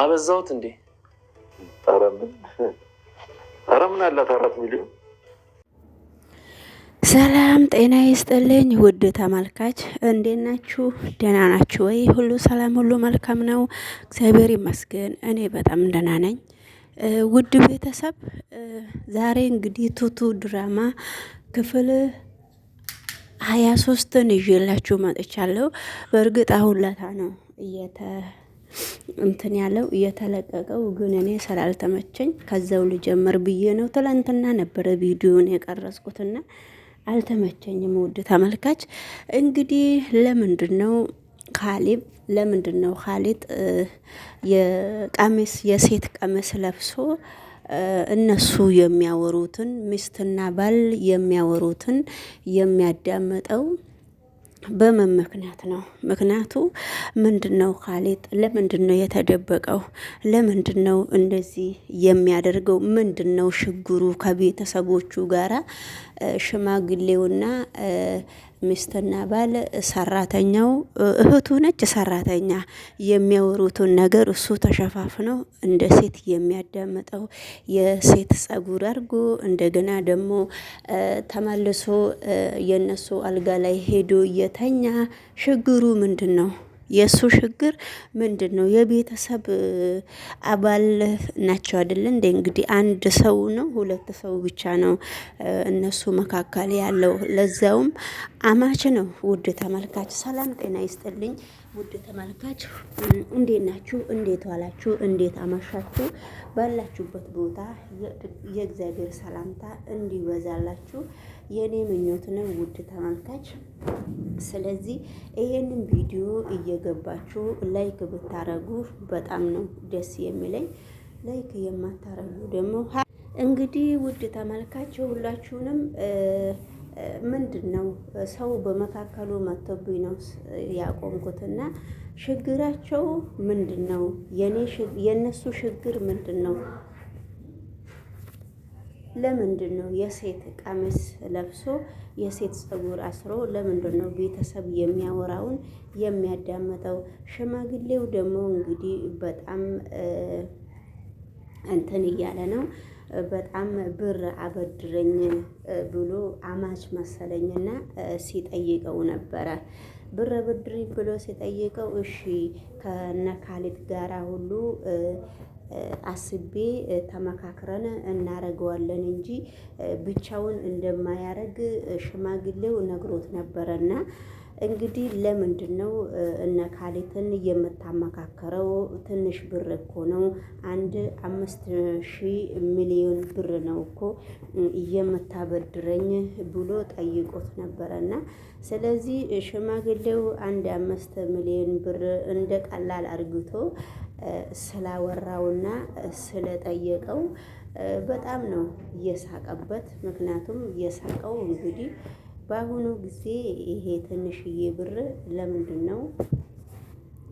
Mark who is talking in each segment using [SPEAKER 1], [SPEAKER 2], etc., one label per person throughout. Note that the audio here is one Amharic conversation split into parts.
[SPEAKER 1] አበዛውት እንዴ?
[SPEAKER 2] ኧረ ምን አላት አራት ሚሊዮን
[SPEAKER 3] ሰላም ጤና ይስጥልኝ ውድ ተመልካች፣ እንዴት ናችሁ? ደህና ናችሁ ወይ? ሁሉ ሰላም፣ ሁሉ መልካም ነው። እግዚአብሔር ይመስገን፣ እኔ በጣም ደህና ነኝ። ውድ ቤተሰብ፣ ዛሬ እንግዲህ ቱቱ ድራማ ክፍል ሀያ ሶስትን ይዤላችሁ መጥቻለሁ። በእርግጥ አሁን ለታ ነው እየተ እንትን ያለው እየተለቀቀው ግን እኔ ስላልተመቸኝ ከዛው ልጀምር ብዬ ነው። ትላንትና ነበረ ቪዲዮን የቀረጽኩትና አልተመቸኝም። ውድ ተመልካች እንግዲህ ለምንድን ነው ካሊብ ለምንድን ነው ካሊድ የቀሚስ የሴት ቀሚስ ለብሶ እነሱ የሚያወሩትን ሚስትና ባል የሚያወሩትን የሚያዳምጠው? በምን ምክንያት ነው? ምክንያቱ ምንድን ነው? ካሌጥ ለምንድን ነው የተደበቀው? ለምንድን ነው እንደዚህ የሚያደርገው? ምንድን ነው ሽግሩ? ከቤተሰቦቹ ጋራ ሽማግሌውና ሚስትና ባል ሰራተኛው እህቱ ነች ሰራተኛ የሚያወሩትን ነገር እሱ ተሸፋፍነው እንደ ሴት የሚያዳምጠው የሴት ጸጉር አድርጎ እንደገና ደግሞ ተመልሶ የነሱ አልጋ ላይ ሄዶ እየተኛ ችግሩ ምንድን ነው? የእሱ ችግር ምንድን ነው? የቤተሰብ አባል ናቸው አይደለ እንዴ? እንግዲህ አንድ ሰው ነው ሁለት ሰው ብቻ ነው እነሱ መካከል ያለው፣ ለዛውም አማች ነው። ውድ ተመልካች ሰላም ጤና ይስጥልኝ። ውድ ተመልካች እንዴት ናችሁ? እንዴት ዋላችሁ? እንዴት አመሻችሁ? ባላችሁበት ቦታ የእግዚአብሔር ሰላምታ እንዲበዛላችሁ የእኔ ምኞት ነው። ውድ ተመልካች ስለዚህ ይሄንን ቪዲዮ እየገባችሁ ላይክ ብታረጉ በጣም ነው ደስ የሚለኝ። ላይክ የማታረጉ ደግሞ እንግዲህ ውድ ተመልካች ሁላችሁንም ምንድን ነው ሰው በመካከሉ መጥቶብኝ ነው ያቆምኩትና ችግራቸው ምንድን ነው? የእነሱ ችግር ምንድን ነው? ለምንድን ነው የሴት ቀሚስ ለብሶ የሴት ፀጉር አስሮ ለምንድን ነው ቤተሰብ የሚያወራውን የሚያዳምጠው? ሽማግሌው ደግሞ እንግዲህ በጣም እንትን እያለ ነው። በጣም ብር አበድረኝ ብሎ አማች መሰለኝና ሲጠይቀው ነበረ። ብር አበድረኝ ብሎ ሲጠይቀው እሺ ከነካሊት ጋራ ሁሉ አስቤ ተመካክረን እናረገዋለን እንጂ ብቻውን እንደማያደርግ ሽማግሌው ነግሮት ነበረና እንግዲህ ለምንድን ነው እነ ካሌትን የምታመካከረው? ትንሽ ብር እኮ ነው። አንድ አምስት ሺህ ሚሊዮን ብር ነው እኮ የምታበድረኝ ብሎ ጠይቆት እና ስለዚህ ሽማግሌው አንድ አምስት ሚሊዮን ብር እንደ ቀላል አርግቶ ስላወራውና ስለጠየቀው በጣም ነው የሳቀበት። ምክንያቱም የሳቀው እንግዲህ በአሁኑ ጊዜ ይሄ ትንሽዬ ብር ለምንድን ነው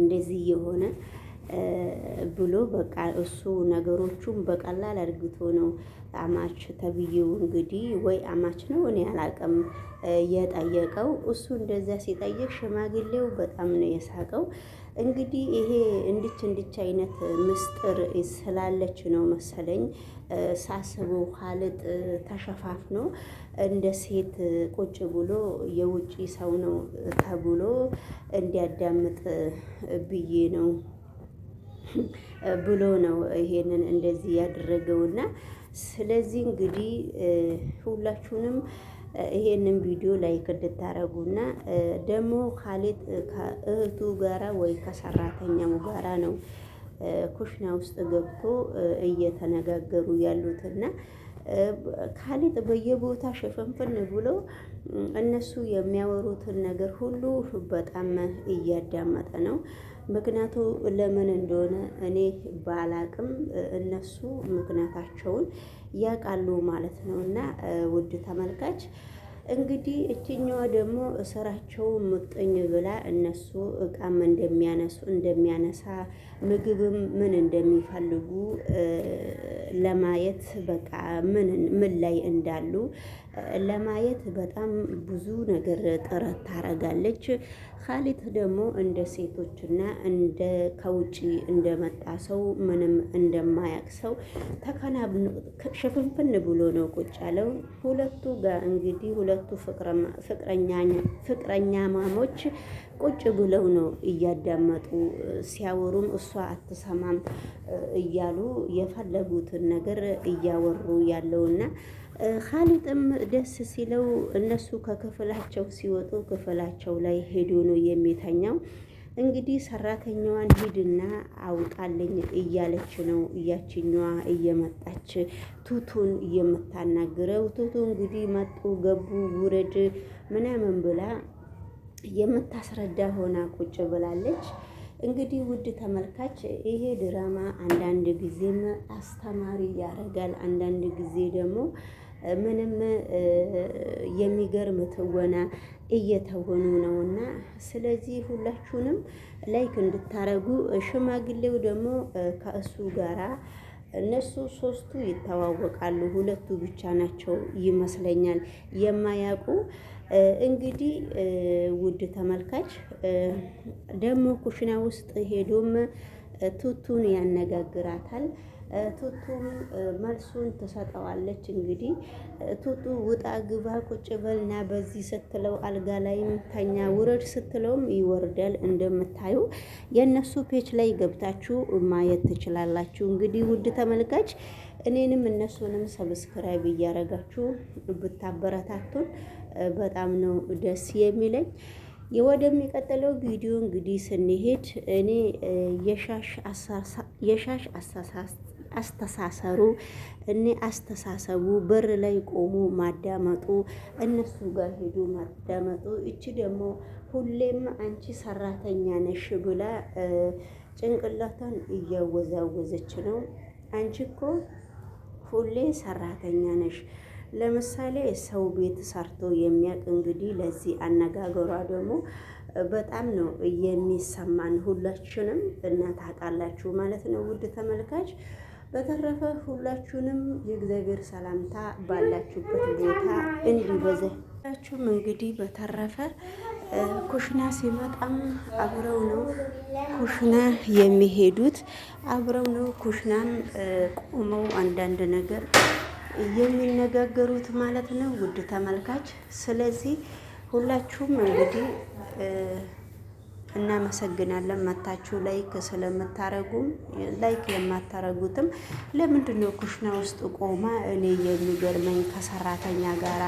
[SPEAKER 3] እንደዚህ የሆነ ብሎ በቃ እሱ ነገሮቹን በቀላል አድርግቶ ነው አማች ተብዬው እንግዲህ ወይ አማች ነው እኔ አላውቅም የጠየቀው። እሱ እንደዚያ ሲጠይቅ ሽማግሌው በጣም ነው የሳቀው። እንግዲህ ይሄ እንድች እንድች አይነት ምስጢር ስላለች ነው መሰለኝ ሳስበው ሀልጥ ተሸፋፍኖ እንደ ሴት ቁጭ ብሎ የውጭ ሰው ነው ተብሎ እንዲያዳምጥ ብዬ ነው ብሎ ነው ይሄንን እንደዚህ ያደረገውና ስለዚህ እንግዲህ ሁላችሁንም ይሄንን ቪዲዮ ላይክ እና ደግሞ ካሌት ከእህቱ ጋራ ወይ ከሰራተኛው ጋራ ነው ኩሽና ውስጥ ገብቶ እየተነጋገሩ ያሉት እና ካሌት በየቦታ ሽፍንፍን ብሎ እነሱ የሚያወሩትን ነገር ሁሉ በጣም እያዳመጠ ነው። ምክንያቱ ለምን እንደሆነ እኔ ባላቅም እነሱ ምክንያታቸውን ያውቃሉ ማለት ነው። እና ውድ ተመልካች እንግዲህ እችኛዋ ደግሞ ስራቸው ምጥኝ ብላ እነሱ እቃም እንደሚያነሱ እንደሚያነሳ ምግብም ምን እንደሚፈልጉ ለማየት በቃ ምን ምን ላይ እንዳሉ ለማየት በጣም ብዙ ነገር ጥረት ታረጋለች። ካሊት ደግሞ እንደ ሴቶችና እንደ ከውጪ እንደመጣ ሰው ምንም እንደማያቅ ሰው ተከናብን ሽፍንፍን ብሎ ነው ቁጭ ያለው። ሁለቱ ጋር እንግዲህ ሁለቱ ፍቅረኛ ማሞች ቁጭ ብለው ነው እያዳመጡ ሲያወሩም እሷ አትሰማም እያሉ የፈለጉትን ነገር እያወሩ ያለውና ካሊጥም ደስ ሲለው እነሱ ከክፍላቸው ሲወጡ ክፍላቸው ላይ ሄዶ ነው የሚተኛው። እንግዲህ ሰራተኛዋን ሂድና አውጣልኝ እያለች ነው እያችኛዋ እየመጣች ቱቱን የምታናግረው። ቱቱ እንግዲህ መጡ ገቡ ውረድ ምናምን ብላ የምታስረዳ ሆና ቁጭ ብላለች። እንግዲህ ውድ ተመልካች ይሄ ድራማ አንዳንድ ጊዜም አስተማሪ ያደርጋል፣ አንዳንድ ጊዜ ደግሞ ምንም የሚገርም ትወና እየተወኑ ነውና፣ ስለዚህ ሁላችሁንም ላይክ እንድታረጉ። ሽማግሌው ደግሞ ከእሱ ጋራ እነሱ ሶስቱ ይተዋወቃሉ። ሁለቱ ብቻ ናቸው ይመስለኛል የማያውቁ። እንግዲህ ውድ ተመልካች ደግሞ ኩሽና ውስጥ ሄዶም ቱቱን ያነጋግራታል። ቱቱም መልሱን ትሰጠዋለች። እንግዲህ ቱቱ ውጣ ግባ ቁጭ በልና በዚህ ስትለው አልጋ ላይም ተኛ፣ ውረድ ስትለውም ይወርዳል። እንደምታዩ የእነሱ ፔች ላይ ገብታችሁ ማየት ትችላላችሁ። እንግዲህ ውድ ተመልካች እኔንም እነሱንም ሰብስክራይብ እያረጋችሁ ብታበረታቱን በጣም ነው ደስ የሚለኝ። ወደሚቀጥለው ቪዲዮ እንግዲህ ስንሄድ እኔ የሻሽ አስተሳሰሩ እኔ አስተሳሰቡ በር ላይ ቆሙ ማዳመጡ እነሱ ጋር ሄዱ ማዳመጡ እቺ ደግሞ ሁሌም አንቺ ሰራተኛ ነሽ ብላ ጭንቅላቷን እያወዛወዘች ነው። አንቺ እኮ ሁሌ ሰራተኛ ነሽ ለምሳሌ ሰው ቤት ሰርቶ የሚያውቅ እንግዲህ ለዚህ አነጋገሯ ደግሞ በጣም ነው የሚሰማን ሁላችንም እና ታውቃላችሁ ማለት ነው ውድ ተመልካች። በተረፈ ሁላችሁንም የእግዚአብሔር ሰላምታ ባላችሁበት ቦታ እንዲበዛ ሁላችሁም እንግዲህ በተረፈ ኩሽና ሲመጣም አብረው ነው ኩሽና የሚሄዱት አብረው ነው ኩሽናም ቆመው አንዳንድ ነገር የሚነጋገሩት ማለት ነው ውድ ተመልካች። ስለዚህ ሁላችሁም እንግዲህ እናመሰግናለን መታችሁ ላይክ ስለምታረጉም ላይክ የማታረጉትም ለምንድን ነው ኩሽና ውስጥ ቆማ እኔ የሚገርመኝ ከሰራተኛ ጋር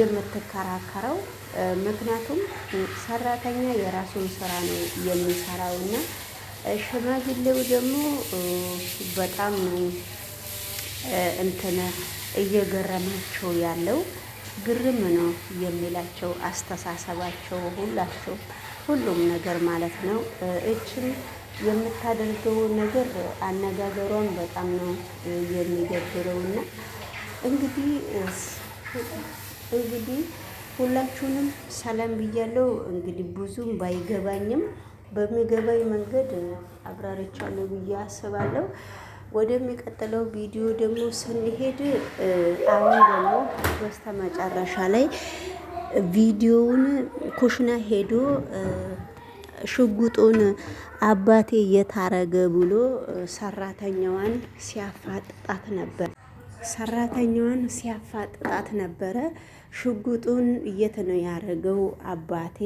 [SPEAKER 3] የምትከራከረው? ምክንያቱም ሰራተኛ የራሱን ስራ ነው የሚሰራው እና ሽማግሌው ደግሞ በጣም ነው እንትን እየገረማቸው ያለው ግርም ነው የሚላቸው አስተሳሰባቸው፣ ሁላቸው ሁሉም ነገር ማለት ነው። እችም የምታደርገው ነገር አነጋገሯን በጣም ነው የሚገብረው እንግዲህ እንግዲህ ሁላችሁንም ሰላም ብያለው። እንግዲህ ብዙም ባይገባኝም በሚገባኝ መንገድ ነው ብዬ አስባለሁ። ወደሚቀጥለው ቪዲዮ ደግሞ ስንሄድ አሁን ደግሞ በስተ መጨረሻ ላይ ቪዲዮውን ኩሽና ሄዶ ሽጉጡን አባቴ የታረገ ብሎ ሰራተኛዋን ሲያፋጥጣት ነበር። ሰራተኛዋን ሲያፋጥጣት ነበረ። ሽጉጡን የት ነው ያደረገው አባቴ?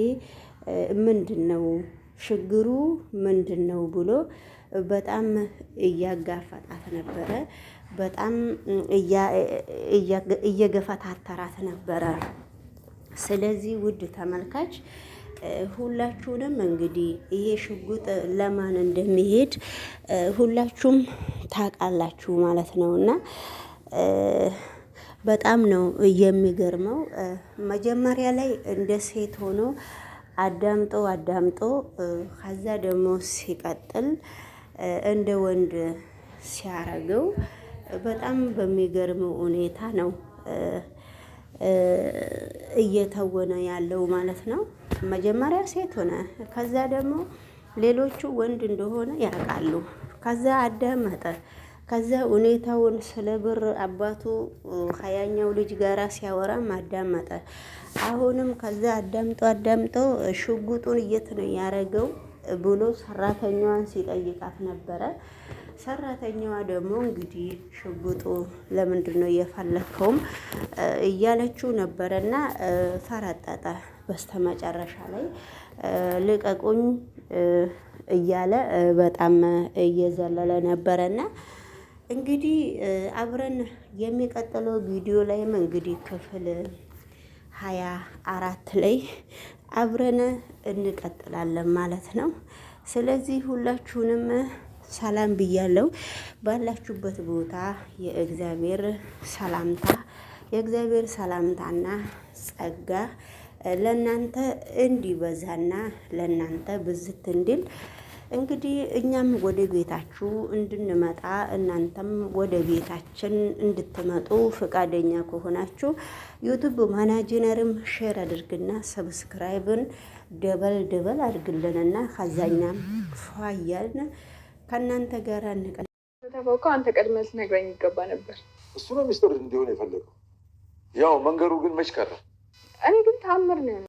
[SPEAKER 3] ምንድን ነው ችግሩ? ምንድን ነው ብሎ በጣም እያጋፈጣት ነበረ። በጣም እየገፈታተራት ነበረ። ስለዚህ ውድ ተመልካች ሁላችሁንም እንግዲህ ይሄ ሽጉጥ ለማን እንደሚሄድ ሁላችሁም ታውቃላችሁ ማለት ነው እና በጣም ነው የሚገርመው። መጀመሪያ ላይ እንደ ሴት ሆኖ አዳምጦ አዳምጦ ከዛ ደግሞ ሲቀጥል እንደ ወንድ ሲያረገው በጣም በሚገርመው ሁኔታ ነው እየተወነ ያለው ማለት ነው። መጀመሪያ ሴት ሆነ፣ ከዛ ደግሞ ሌሎቹ ወንድ እንደሆነ ያውቃሉ። ከዛ አዳመጠ። ከዛ ሁኔታውን ስለ ብር አባቱ ሀያኛው ልጅ ጋራ ሲያወራም አዳመጠ። አሁንም ከዛ አዳምጦ አዳምጦ ሽጉጡን የት ነው ያረገው? ብሎ ሰራተኛዋን ሲጠይቃት ነበረ። ሰራተኛዋ ደግሞ እንግዲህ ሽጉጡ ለምንድን ነው እየፈለከውም እያለችው ነበረ ና ፈረጠጠ። በስተመጨረሻ ላይ ልቀቁኝ እያለ በጣም እየዘለለ ነበረና እንግዲህ አብረን የሚቀጥለው ቪዲዮ ላይም እንግዲህ ክፍል ሀያ አራት ላይ አብረን እንቀጥላለን ማለት ነው። ስለዚህ ሁላችሁንም ሰላም ብያለሁ። ባላችሁበት ቦታ የእግዚአብሔር ሰላምታ የእግዚአብሔር ሰላምታና ጸጋ ለእናንተ እንዲበዛና ለእናንተ ብዝት እንዲል እንግዲህ እኛም ወደ ቤታችሁ እንድንመጣ እናንተም ወደ ቤታችን እንድትመጡ ፈቃደኛ ከሆናችሁ ዩቱብ ማናጀነርም ሼር አድርግና ሰብስክራይብን ደበል ደበል አድርግልንና ከዛኛም ፏያልን ከእናንተ ጋር
[SPEAKER 4] እንቀ ተፈውቀ አንተ ቀድመህ ልትነግረኝ ይገባ ነበር።
[SPEAKER 5] እሱ ነው ሚስጥር እንዲሆን የፈለገው። ያው መንገዱ
[SPEAKER 6] ግን መች ቀረ። እኔ ግን ታምር ነው።